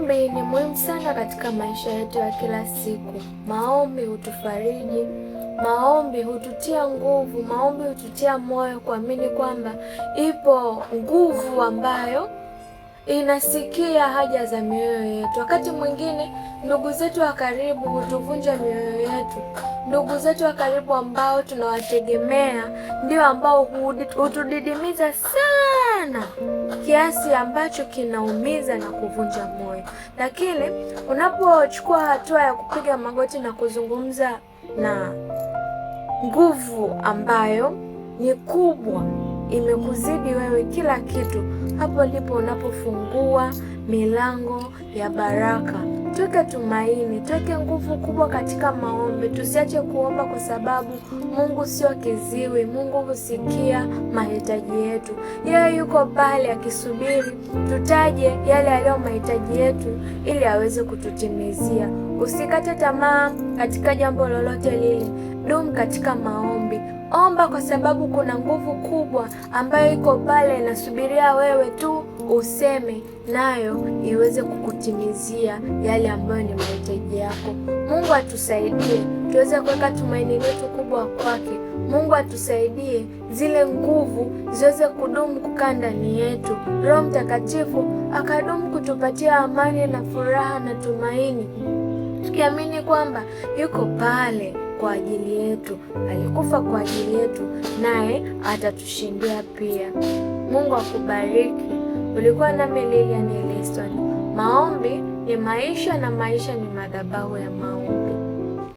Maombi ni muhimu sana katika maisha yetu ya kila siku. Maombi hutufariji, maombi hututia nguvu, maombi hututia moyo kuamini kwamba ipo nguvu ambayo inasikia haja za mioyo yetu. Wakati mwingine ndugu zetu wa karibu hutuvunja mioyo yetu. Ndugu zetu wa karibu ambao tunawategemea ndio ambao hutudidimiza sana kiasi ambacho kinaumiza na kuvunja moyo. Lakini unapochukua hatua ya kupiga magoti na kuzungumza na nguvu ambayo ni kubwa, imekuzidi wewe kila kitu, hapo ndipo unapofungua milango ya baraka. Tuweke tumaini, tuweke nguvu kubwa katika maombi. Tusiache kuomba kwa sababu Mungu sio kiziwi. Mungu husikia mahitaji yetu. Yeye yuko pale akisubiri tutaje yale yaliyo mahitaji yetu ili aweze kututimizia. Usikate tamaa katika jambo lolote lile. Dumu katika maombi. Omba kwa sababu kuna nguvu kubwa ambayo iko pale inasubiria wewe tu useme nayo iweze kukutimizia yale ambayo ni mahitaji yako. Mungu atusaidie tuweze kuweka tumaini letu kubwa kwake. Mungu atusaidie zile nguvu ziweze kudumu kukaa ndani yetu. Roho Mtakatifu akadumu kutupatia amani na furaha na tumaini, tukiamini kwamba yuko pale kwa ajili yetu, alikufa kwa ajili yetu, naye atatushindia pia. Mungu akubariki. Ulikuwa nami Lilian Liston. Maombi ni maisha na maisha ni madhabahu ya maombi.